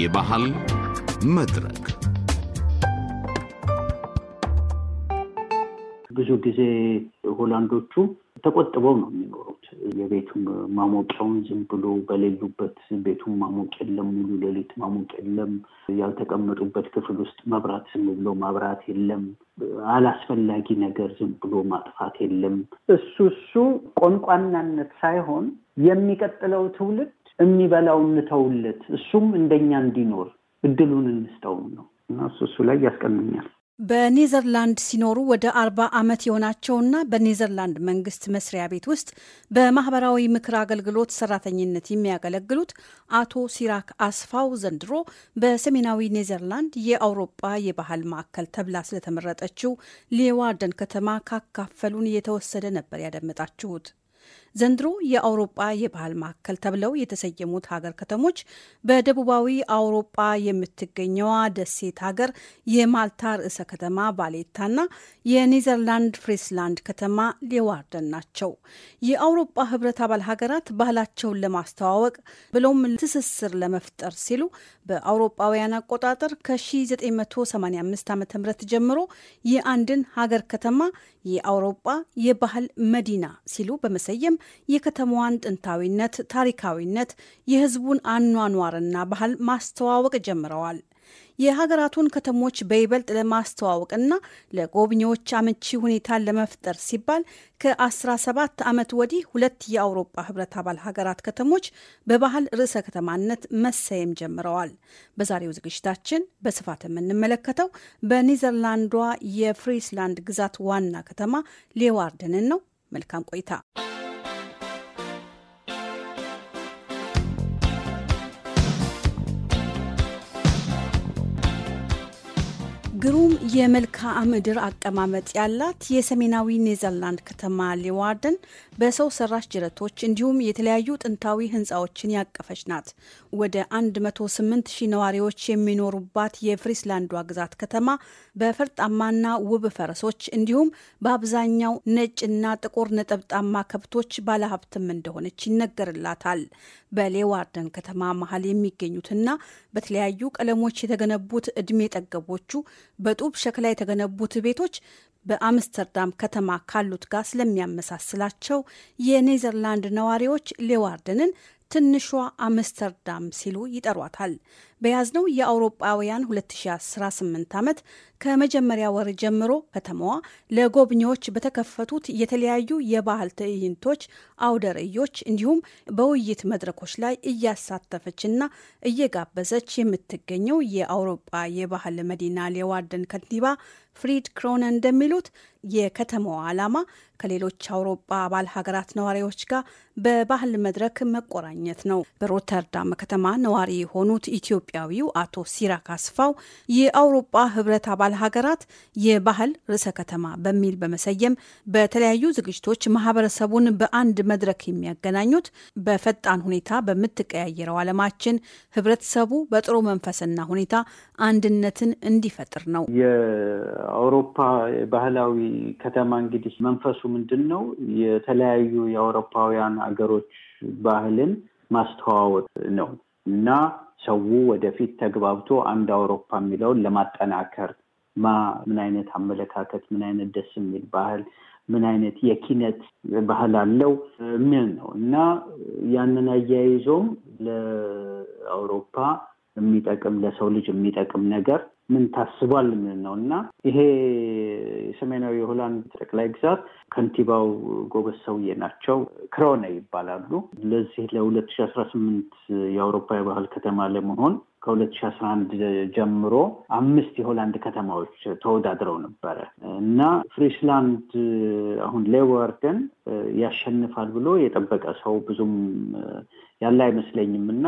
የባህል መድረክ ብዙ ጊዜ ሆላንዶቹ ተቆጥበው ነው የሚኖሩት። የቤቱን ማሞቂያውን ዝም ብሎ በሌሉበት ቤቱን ማሞቅ የለም፣ ሙሉ ሌሊት ማሞቅ የለም። ያልተቀመጡበት ክፍል ውስጥ መብራት ዝም ብሎ ማብራት የለም። አላስፈላጊ ነገር ዝም ብሎ ማጥፋት የለም። እሱ እሱ ቆንቋናነት ሳይሆን የሚቀጥለው ትውልድ የሚበላው እንተውለት፣ እሱም እንደኛ እንዲኖር እድሉን እንስተውም ነው እና እሱ እሱ ላይ ያስቀምኛል። በኔዘርላንድ ሲኖሩ ወደ አርባ ዓመት የሆናቸውና በኔዘርላንድ መንግስት መስሪያ ቤት ውስጥ በማህበራዊ ምክር አገልግሎት ሰራተኝነት የሚያገለግሉት አቶ ሲራክ አስፋው ዘንድሮ በሰሜናዊ ኔዘርላንድ የአውሮፓ የባህል ማዕከል ተብላ ስለተመረጠችው ሌዋርደን ከተማ ካካፈሉን እየተወሰደ ነበር ያደመጣችሁት። ዘንድሮ የአውሮጳ የባህል ማዕከል ተብለው የተሰየሙት ሀገር ከተሞች በደቡባዊ አውሮጳ የምትገኘዋ ደሴት ሀገር የማልታ ርዕሰ ከተማ ቫሌታና የኔዘርላንድ ፍሪስላንድ ከተማ ሌዋርደን ናቸው። የአውሮጳ ህብረት አባል ሀገራት ባህላቸውን ለማስተዋወቅ ብለውም ትስስር ለመፍጠር ሲሉ በአውሮጳውያን አቆጣጠር ከ1985 ዓ ም ጀምሮ የአንድን ሀገር ከተማ የአውሮጳ የባህል መዲና ሲሉ በመሰየም የከተማዋን ጥንታዊነት፣ ታሪካዊነት፣ የህዝቡን አኗኗርና ባህል ማስተዋወቅ ጀምረዋል። የሀገራቱን ከተሞች በይበልጥ ለማስተዋወቅና ለጎብኚዎች አመቺ ሁኔታን ለመፍጠር ሲባል ከ17 ዓመት ወዲህ ሁለት የአውሮፓ ህብረት አባል ሀገራት ከተሞች በባህል ርዕሰ ከተማነት መሰየም ጀምረዋል። በዛሬው ዝግጅታችን በስፋት የምንመለከተው በኒዘርላንዷ የፍሪስላንድ ግዛት ዋና ከተማ ሌዋርደንን ነው። መልካም ቆይታ። ግሩም የመልክዓ ምድር አቀማመጥ ያላት የሰሜናዊ ኔዘርላንድ ከተማ ሌዋርደን በሰው ሰራሽ ጅረቶች እንዲሁም የተለያዩ ጥንታዊ ህንፃዎችን ያቀፈች ናት። ወደ 108 ሺህ ነዋሪዎች የሚኖሩባት የፍሪስላንዷ ግዛት ከተማ በፈርጣማና ውብ ፈረሶች እንዲሁም በአብዛኛው ነጭና ጥቁር ነጠብጣማ ከብቶች ባለሀብትም እንደሆነች ይነገርላታል። በሌዋርደን ከተማ መሀል የሚገኙትና በተለያዩ ቀለሞች የተገነቡት እድሜ ጠገቦቹ በጡብ ሸክላ የተገነቡት ቤቶች በአምስተርዳም ከተማ ካሉት ጋር ስለሚያመሳስላቸው የኔዘርላንድ ነዋሪዎች ሌዋርድንን ትንሿ አምስተርዳም ሲሉ ይጠሯታል። በያዝነው የአውሮጳውያን 2018 ዓመት ከመጀመሪያ ወር ጀምሮ ከተማዋ ለጎብኚዎች በተከፈቱት የተለያዩ የባህል ትዕይንቶች፣ አውደ ርዕዮች እንዲሁም በውይይት መድረኮች ላይ እያሳተፈችና እየጋበዘች የምትገኘው የአውሮጳ የባህል መዲና ሌዋርደን ከንቲባ ፍሪድ ክሮነ እንደሚሉት የከተማዋ ዓላማ ከሌሎች አውሮጳ አባል ሀገራት ነዋሪዎች ጋር በባህል መድረክ መቆራኘት ነው። በሮተርዳም ከተማ ነዋሪ የሆኑት ኢትዮ ኢትዮጵያዊው አቶ ሲራክ አስፋው የአውሮፓ ህብረት አባል ሀገራት የባህል ርዕሰ ከተማ በሚል በመሰየም በተለያዩ ዝግጅቶች ማህበረሰቡን በአንድ መድረክ የሚያገናኙት በፈጣን ሁኔታ በምትቀያየረው ዓለማችን ህብረተሰቡ በጥሩ መንፈስና ሁኔታ አንድነትን እንዲፈጥር ነው። የአውሮፓ ባህላዊ ከተማ እንግዲህ መንፈሱ ምንድን ነው? የተለያዩ የአውሮፓውያን ሀገሮች ባህልን ማስተዋወቅ ነው እና ሰው ወደፊት ተግባብቶ አንድ አውሮፓ የሚለውን ለማጠናከር ማ ምን አይነት አመለካከት፣ ምን አይነት ደስ የሚል ባህል፣ ምን አይነት የኪነት ባህል አለው የሚል ነው እና ያንን አያይዞም ለአውሮፓ የሚጠቅም ለሰው ልጅ የሚጠቅም ነገር ምን ታስቧል ምን ነው እና ይሄ የሰሜናዊ የሆላንድ ጠቅላይ ግዛት ከንቲባው ጎበዝ ሰውዬ ናቸው። ክሮነ ይባላሉ። ለዚህ ለሁለት ሺ አስራ ስምንት የአውሮፓ የባህል ከተማ ለመሆን ከ2011 ጀምሮ አምስት የሆላንድ ከተማዎች ተወዳድረው ነበረ እና ፍሪስላንድ አሁን ሌወርደን ያሸንፋል ብሎ የጠበቀ ሰው ብዙም ያለ አይመስለኝም እና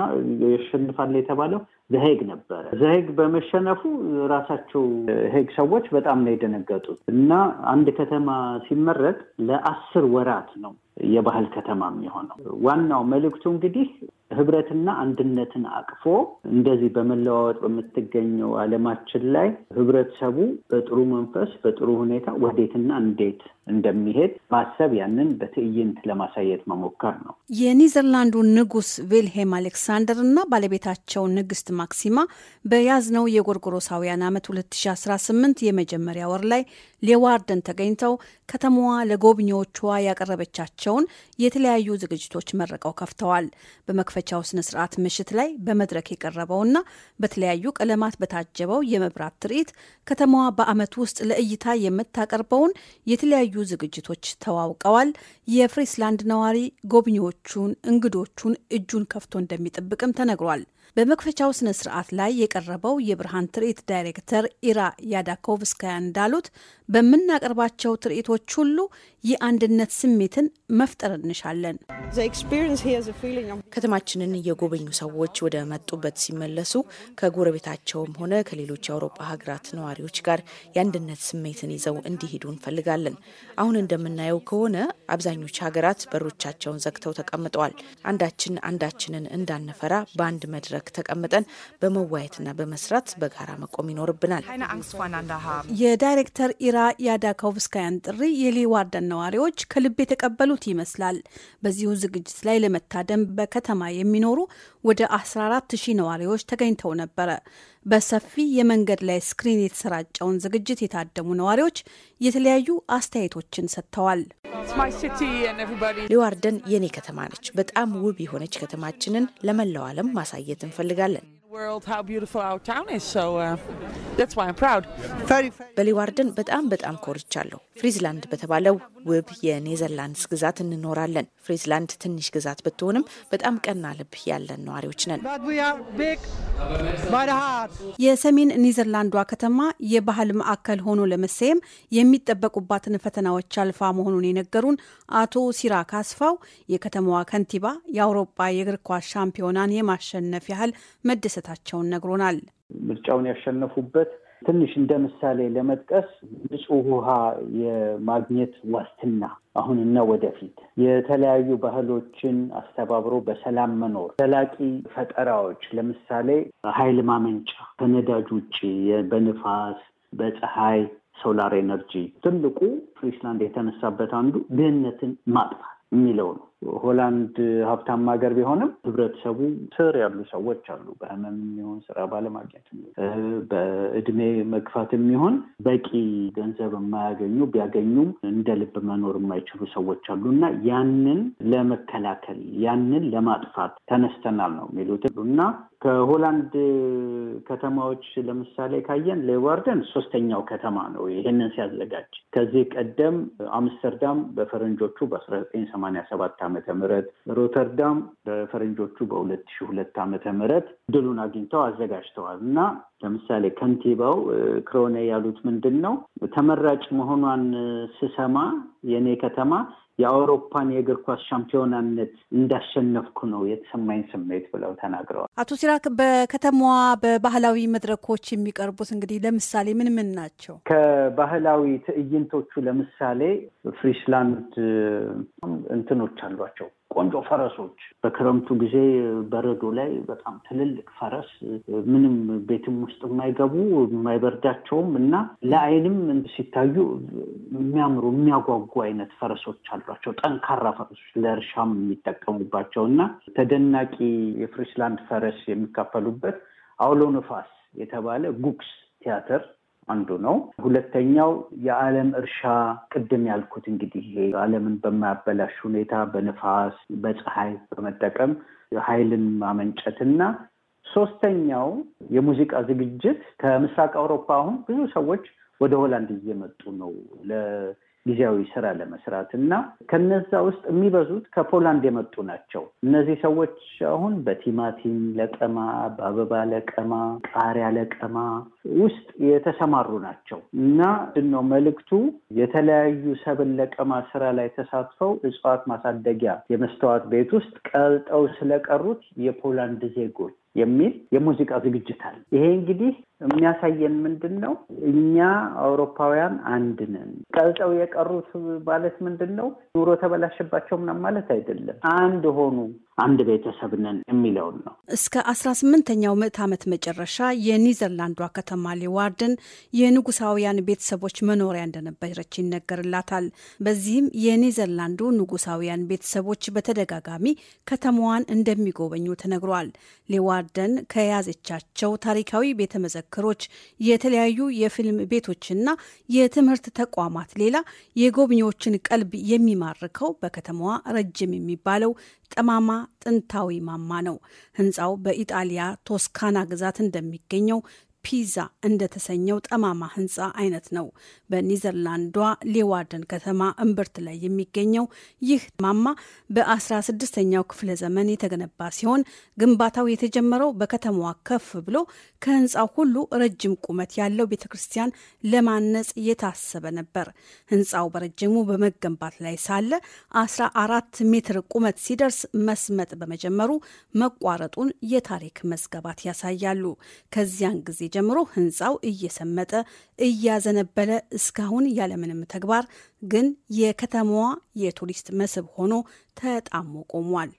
ያሸንፋል የተባለው ዘሄግ ነበረ። ዘሄግ በመሸነፉ ራሳቸው ሄግ ሰዎች በጣም ነው የደነገጡት እና አንድ ከተማ ሲመረጥ ለአስር ወራት ነው የባህል ከተማ የሚሆነው። ዋናው መልእክቱ እንግዲህ ህብረትና አንድነትን አቅፎ እንደዚህ በመለዋወጥ በምትገኘው ዓለማችን ላይ ህብረተሰቡ በጥሩ መንፈስ በጥሩ ሁኔታ ወዴትና እንዴት እንደሚሄድ ማሰብ ያንን በትዕይንት ለማሳየት መሞከር ነው። የኒዘርላንዱ ንጉስ ቪልሄም አሌክሳንደር እና ባለቤታቸው ንግስት ማክሲማ በያዝነው የጎርጎሮሳውያን ዓመት 2018 የመጀመሪያ ወር ላይ ሌዋርደን ተገኝተው ከተማዋ ለጎብኚዎቿ ያቀረበቻቸውን የተለያዩ ዝግጅቶች መርቀው ከፍተዋል። በመክፈ የመክፈቻው ስነ ስርዓት ምሽት ላይ በመድረክ የቀረበውና በተለያዩ ቀለማት በታጀበው የመብራት ትርኢት ከተማዋ በዓመት ውስጥ ለእይታ የምታቀርበውን የተለያዩ ዝግጅቶች ተዋውቀዋል። የፍሪስላንድ ነዋሪ ጎብኚዎቹን፣ እንግዶቹን እጁን ከፍቶ እንደሚጠብቅም ተነግሯል። በመክፈቻው ስነ ስርዓት ላይ የቀረበው የብርሃን ትርኢት ዳይሬክተር ኢራ ያዳኮቭስካያ እንዳሉት በምናቀርባቸው ትርኢቶች ሁሉ የአንድነት ስሜትን መፍጠር እንሻለን። ከተማችንን የጎበኙ ሰዎች ወደ መጡበት ሲመለሱ ከጎረቤታቸውም ሆነ ከሌሎች የአውሮፓ ሀገራት ነዋሪዎች ጋር የአንድነት ስሜትን ይዘው እንዲሄዱ እንፈልጋለን። አሁን እንደምናየው ከሆነ አብዛኞቹ ሀገራት በሮቻቸውን ዘግተው ተቀምጠዋል። አንዳችን አንዳችንን እንዳንፈራ በአንድ መድረክ ተቀምጠን በመዋየትና በመስራት በጋራ መቆም ይኖርብናል። የዳይሬክተር ኢራ ያዳካውብስካያን ጥሪ የሌዋርደን ነዋሪዎች ከልብ የተቀበሉት ይመስላል። በዚሁ ዝግጅት ላይ ለመታደም በከተማ የሚኖሩ ወደ 14 ሺህ ነዋሪዎች ተገኝተው ነበረ። በሰፊ የመንገድ ላይ ስክሪን የተሰራጨውን ዝግጅት የታደሙ ነዋሪዎች የተለያዩ አስተያየቶችን ሰጥተዋል። ሊዋርደን የኔ ከተማ ነች። በጣም ውብ የሆነች ከተማችንን ለመላው ዓለም ማሳየት እንፈልጋለን። world how beautiful our town is. So uh, that's why I'm proud. በሊዋርደን በጣም በጣም ኮርቻለሁ። ፍሪዝላንድ በተባለው ውብ የኔዘርላንድስ ግዛት እንኖራለን። ፍሪዝላንድ ትንሽ ግዛት ብትሆንም በጣም ቀና ልብ ያለን ነዋሪዎች ነን። የሰሜን ኔዘርላንዷ ከተማ የባህል ማዕከል ሆኖ ለመሰየም የሚጠበቁባትን ፈተናዎች አልፋ መሆኑን የነገሩን አቶ ሲራ ካስፋው የከተማዋ ከንቲባ የአውሮፓ የእግር ኳስ ሻምፒዮናን የማሸነፍ ያህል መደሰት መውጣታቸውን ነግሮናል። ምርጫውን ያሸነፉበት ትንሽ እንደ ምሳሌ ለመጥቀስ ንጹህ ውሃ የማግኘት ዋስትና አሁንና ወደፊት የተለያዩ ባህሎችን አስተባብሮ በሰላም መኖር፣ ዘላቂ ፈጠራዎች ለምሳሌ ኃይል ማመንጫ ከነዳጅ ውጭ በንፋስ በፀሐይ ሶላር ኤነርጂ። ትልቁ ፍሪስላንድ የተነሳበት አንዱ ድህነትን ማጥፋት የሚለው ነው። ሆላንድ ሀብታም ሀገር ቢሆንም ህብረተሰቡ ስር ያሉ ሰዎች አሉ። በህመም የሚሆን ስራ ባለማግኘት፣ በእድሜ መግፋት የሚሆን በቂ ገንዘብ የማያገኙ ቢያገኙም እንደ ልብ መኖር የማይችሉ ሰዎች አሉ እና ያንን ለመከላከል ያንን ለማጥፋት ተነስተናል ነው የሚሉት እና ከሆላንድ ከተማዎች ለምሳሌ ካየን ሌዋርደን ሶስተኛው ከተማ ነው ይህንን ሲያዘጋጅ ከዚህ ቀደም አምስተርዳም በፈረንጆቹ በአስራ ዘጠኝ ሰማንያ ሰባት ዓመተ ምህረት ሮተርዳም በፈረንጆቹ በሁለት 202 ሁለት ዓመተ ምህረት ድሉን አግኝተው አዘጋጅተዋል እና ለምሳሌ ከንቲባው ክሮኔ ያሉት ምንድን ነው ተመራጭ መሆኗን ስሰማ የእኔ ከተማ የአውሮፓን የእግር ኳስ ሻምፒዮናነት እንዳሸነፍኩ ነው የተሰማኝ ስሜት ብለው ተናግረዋል። አቶ ሲራክ በከተማዋ በባህላዊ መድረኮች የሚቀርቡት እንግዲህ ለምሳሌ ምን ምን ናቸው? ከባህላዊ ትዕይንቶቹ ለምሳሌ ፍሪስላንድ እንትኖች አሏቸው ቆንጆ ፈረሶች በክረምቱ ጊዜ በረዶ ላይ በጣም ትልልቅ ፈረስ ምንም ቤትም ውስጥ የማይገቡ የማይበርዳቸውም እና ለአይንም ሲታዩ የሚያምሩ የሚያጓጉ አይነት ፈረሶች አሏቸው። ጠንካራ ፈረሶች ለእርሻም የሚጠቀሙባቸው እና ተደናቂ የፍሪስላንድ ፈረስ የሚካፈሉበት አውሎ ንፋስ የተባለ ጉክስ ቲያትር አንዱ ነው። ሁለተኛው የዓለም እርሻ ቅድም ያልኩት እንግዲህ ዓለምን በማያበላሽ ሁኔታ በንፋስ በፀሐይ በመጠቀም ኃይልን እና ሶስተኛው የሙዚቃ ዝግጅት ከምስራቅ አውሮፓ አሁን ብዙ ሰዎች ወደ ሆላንድ እየመጡ ነው። ጊዜያዊ ስራ ለመስራት እና ከነዛ ውስጥ የሚበዙት ከፖላንድ የመጡ ናቸው። እነዚህ ሰዎች አሁን በቲማቲም ለቀማ፣ በአበባ ለቀማ፣ ቃሪያ ለቀማ ውስጥ የተሰማሩ ናቸው እና ነው መልእክቱ የተለያዩ ሰብል ለቀማ ስራ ላይ ተሳትፈው እጽዋት ማሳደጊያ የመስተዋት ቤት ውስጥ ቀልጠው ስለቀሩት የፖላንድ ዜጎች የሚል የሙዚቃ ዝግጅት አለ። ይሄ እንግዲህ የሚያሳየን ምንድን ነው? እኛ አውሮፓውያን አንድ ነን። ቀልጠው የቀሩት ማለት ምንድን ነው? ኑሮ ተበላሸባቸው ምናምን ማለት አይደለም። አንድ ሆኑ አንድ ቤተሰብ ነን የሚለውን ነው። እስከ አስራ ስምንተኛው ምዕት ዓመት መጨረሻ የኒዘርላንዷ ከተማ ሌዋርደን የንጉሳውያን ቤተሰቦች መኖሪያ እንደነበረች ይነገርላታል። በዚህም የኒዘርላንዱ ንጉሳውያን ቤተሰቦች በተደጋጋሚ ከተማዋን እንደሚጎበኙ ተነግሯል። ሌዋርደን ከያዘቻቸው ታሪካዊ ቤተ መዘክሮች፣ የተለያዩ የፊልም ቤቶችና የትምህርት ተቋማት ሌላ የጎብኚዎችን ቀልብ የሚማርከው በከተማዋ ረጅም የሚባለው ጠማማ ጥንታዊ ማማ ነው። ህንፃው በኢጣሊያ ቶስካና ግዛት እንደሚገኘው ፒዛ እንደተሰኘው ጠማማ ህንፃ አይነት ነው። በኒዘርላንዷ ሌዋርደን ከተማ እምብርት ላይ የሚገኘው ይህ ማማ በ16ኛው ክፍለ ዘመን የተገነባ ሲሆን ግንባታው የተጀመረው በከተማዋ ከፍ ብሎ ከህንፃው ሁሉ ረጅም ቁመት ያለው ቤተ ክርስቲያን ለማነጽ የታሰበ ነበር። ህንፃው በረጅሙ በመገንባት ላይ ሳለ 14 ሜትር ቁመት ሲደርስ መስመጥ በመጀመሩ መቋረጡን የታሪክ መዝገባት ያሳያሉ። ከዚያን ጊዜ ጀምሮ ህንፃው እየሰመጠ እያዘነበለ እስካሁን ያለምንም ተግባር ግን የከተማዋ የቱሪስት መስህብ ሆኖ ተጣሞ ቆሟል።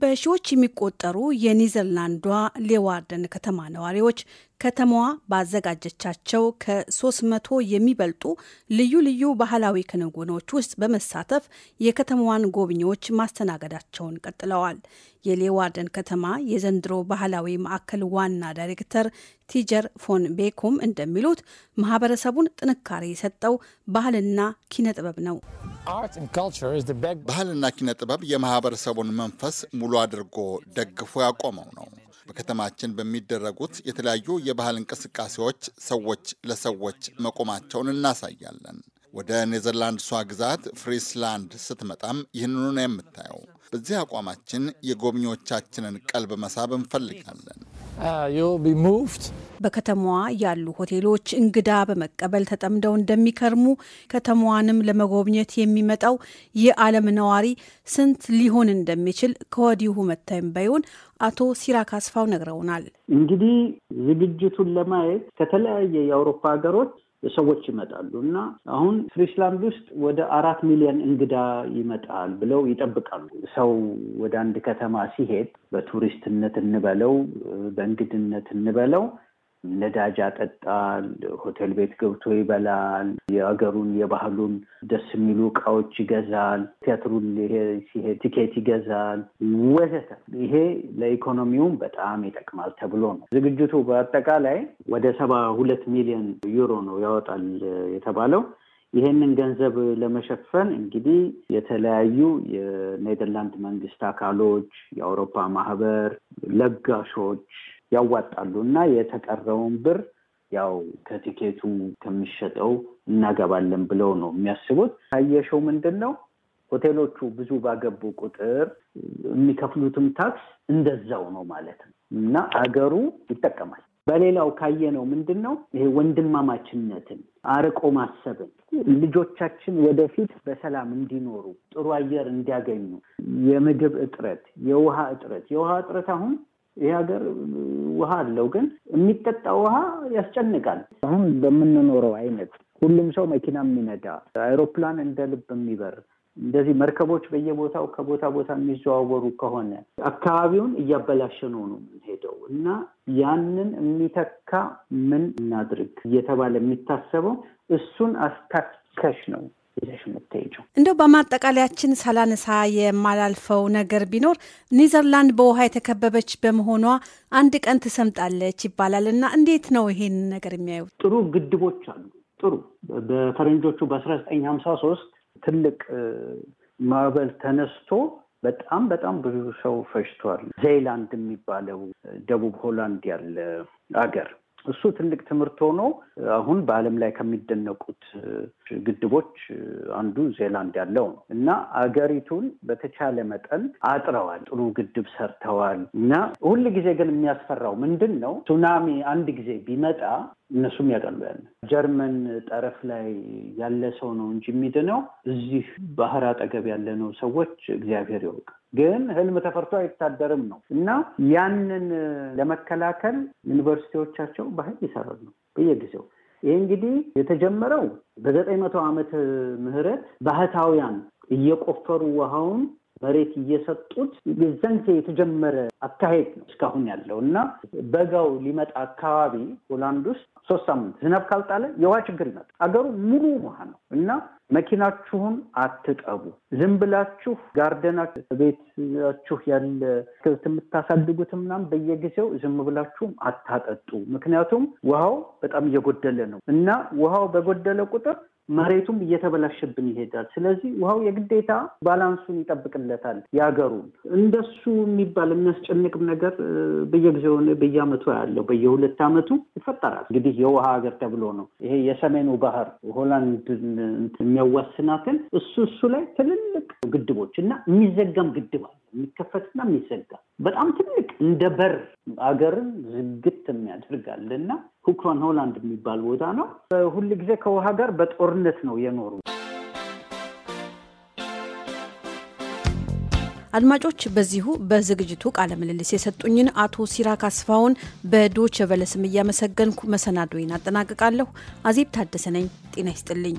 በሺዎች የሚቆጠሩ የኒዘርላንዷ ሌዋርደን ከተማ ነዋሪዎች ከተማዋ ባዘጋጀቻቸው ከ300 የሚበልጡ ልዩ ልዩ ባህላዊ ክንውኖች ውስጥ በመሳተፍ የከተማዋን ጎብኚዎች ማስተናገዳቸውን ቀጥለዋል። የሌዋርደን ከተማ የዘንድሮ ባህላዊ ማዕከል ዋና ዳይሬክተር ቲጀር ፎን ቤኩም እንደሚሉት ማህበረሰቡን ጥንካሬ የሰጠው ባህልና ኪነጥበብ ነው። ባህልና ኪነ ጥበብ የማህበረሰቡን መንፈስ ሙሉ አድርጎ ደግፎ ያቆመው ነው። በከተማችን በሚደረጉት የተለያዩ የባህል እንቅስቃሴዎች ሰዎች ለሰዎች መቆማቸውን እናሳያለን። ወደ ኔዘርላንድሷ ግዛት ፍሪስላንድ ስትመጣም ይህንኑ ነው የምታየው። በዚህ አቋማችን የጎብኚዎቻችንን ቀልብ መሳብ እንፈልጋለን። Ah, በከተማዋ ያሉ ሆቴሎች እንግዳ በመቀበል ተጠምደው እንደሚከርሙ ከተማዋንም ለመጎብኘት የሚመጣው የዓለም ነዋሪ ስንት ሊሆን እንደሚችል ከወዲሁ ባይሆን አቶ ሲራክ አስፋው ነግረውናል። እንግዲህ ዝግጅቱን ለማየት ከተለያየ የአውሮፓ ሀገሮች ሰዎች ይመጣሉ እና አሁን ፍሪስላንድ ውስጥ ወደ አራት ሚሊዮን እንግዳ ይመጣል ብለው ይጠብቃሉ። ሰው ወደ አንድ ከተማ ሲሄድ በቱሪስትነት እንበለው፣ በእንግድነት እንበለው ነዳጅ ያጠጣል፣ ሆቴል ቤት ገብቶ ይበላል፣ የሀገሩን የባህሉን ደስ የሚሉ እቃዎች ይገዛል፣ ቲያትሩን ሲሄድ ቲኬት ይገዛል ወዘተ። ይሄ ለኢኮኖሚውም በጣም ይጠቅማል ተብሎ ነው ዝግጅቱ። በአጠቃላይ ወደ ሰባ ሁለት ሚሊዮን ዩሮ ነው ያወጣል የተባለው። ይሄንን ገንዘብ ለመሸፈን እንግዲህ የተለያዩ የኔደርላንድ መንግስት አካሎች፣ የአውሮፓ ማህበር፣ ለጋሾች ያዋጣሉ እና የተቀረውን ብር ያው ከቲኬቱ ከሚሸጠው እናገባለን ብለው ነው የሚያስቡት። ታየሸው ምንድን ነው ሆቴሎቹ ብዙ ባገቡ ቁጥር የሚከፍሉትም ታክስ እንደዛው ነው ማለት ነው እና አገሩ ይጠቀማል። በሌላው ካየነው ምንድን ነው ይሄ ወንድማማችነትን፣ አርቆ ማሰብን፣ ልጆቻችን ወደፊት በሰላም እንዲኖሩ ጥሩ አየር እንዲያገኙ፣ የምግብ እጥረት፣ የውሃ እጥረት የውሃ እጥረት አሁን ይህ ሀገር ውሃ አለው፣ ግን የሚጠጣ ውሃ ያስጨንቃል። አሁን በምንኖረው አይነት ሁሉም ሰው መኪና የሚነዳ አይሮፕላን እንደ ልብ የሚበር እንደዚህ መርከቦች በየቦታው ከቦታ ቦታ የሚዘዋወሩ ከሆነ አካባቢውን እያበላሸነው ነው የምንሄደው እና ያንን የሚተካ ምን እናድርግ እየተባለ የሚታሰበው እሱን አስታካሽ ነው። ይዘሽ የምትሄጂው። እንደው በማጠቃለያችን ሳላነሳ የማላልፈው ነገር ቢኖር ኒዘርላንድ በውሃ የተከበበች በመሆኗ አንድ ቀን ትሰምጣለች ይባላል እና እንዴት ነው ይሄን ነገር የሚያዩት? ጥሩ ግድቦች አሉ። ጥሩ በፈረንጆቹ በአስራ ዘጠኝ ሀምሳ ሶስት ትልቅ ማዕበል ተነስቶ በጣም በጣም ብዙ ሰው ፈጅቷል። ዜይላንድ የሚባለው ደቡብ ሆላንድ ያለ አገር እሱ ትልቅ ትምህርት ሆኖ አሁን በዓለም ላይ ከሚደነቁት ግድቦች አንዱ ዜላንድ ያለው ነው እና አገሪቱን በተቻለ መጠን አጥረዋል። ጥሩ ግድብ ሰርተዋል እና ሁል ጊዜ ግን የሚያስፈራው ምንድን ነው? ሱናሚ አንድ ጊዜ ቢመጣ እነሱም ያውቃሉ። ያለ ጀርመን ጠረፍ ላይ ያለ ሰው ነው እንጂ የሚድነው እዚህ ባህር አጠገብ ያለነው ሰዎች እግዚአብሔር ይወቅ። ግን ህልም ተፈርቶ አይታደርም ነው እና ያንን ለመከላከል ዩኒቨርሲቲዎቻቸው በኃይል ይሰራሉ በየጊዜው። ይህ እንግዲህ የተጀመረው በዘጠኝ መቶ ዓመት ምህረት ባህታውያን እየቆፈሩ ውሃውን መሬት እየሰጡት የዛን የተጀመረ አካሄድ ነው እስካሁን ያለው እና በጋው ሊመጣ አካባቢ ሆላንድ ውስጥ ሶስት ሳምንት ዝናብ ካልጣለ የውሃ ችግር ይመጣል። አገሩ ሙሉ ውሃ ነው እና መኪናችሁን አትጠቡ። ዝም ብላችሁ ጋርደናችሁ ቤታችሁ ያለ ክብት የምታሳድጉት ምናምን በየጊዜው ዝም ብላችሁም አታጠጡ። ምክንያቱም ውሃው በጣም እየጎደለ ነው እና ውሃው በጎደለ ቁጥር መሬቱም እየተበላሸብን ይሄዳል። ስለዚህ ውሃው የግዴታ ባላንሱን ይጠብቅለታል ያገሩን። እንደሱ የሚባል የሚያስጨንቅም ነገር በየጊዜው በየአመቱ ያለው በየሁለት አመቱ ይፈጠራል። እንግዲህ የውሃ ሀገር ተብሎ ነው ይሄ የሰሜኑ ባህር ሆላንድ የሚያዋስናትን እሱ እሱ ላይ ትልልቅ ግድቦች እና የሚዘጋም ግድብ አለ የሚከፈትና የሚዘጋ በጣም ትልቅ እንደ በር አገርን ዝግት የሚያደርጋል እና ሁክሮን ሆላንድ የሚባል ቦታ ነው። ሁል ጊዜ ከውሃ ጋር በጦርነት ነው የኖሩ። አድማጮች በዚሁ በዝግጅቱ ቃለ ምልልስ የሰጡኝን አቶ ሲራክ አስፋውን በዶቼ ቬለ ስም እያመሰገንኩ መሰናዶዬን አጠናቅቃለሁ። አዜብ ታደሰ ነኝ። ጤና ይስጥልኝ።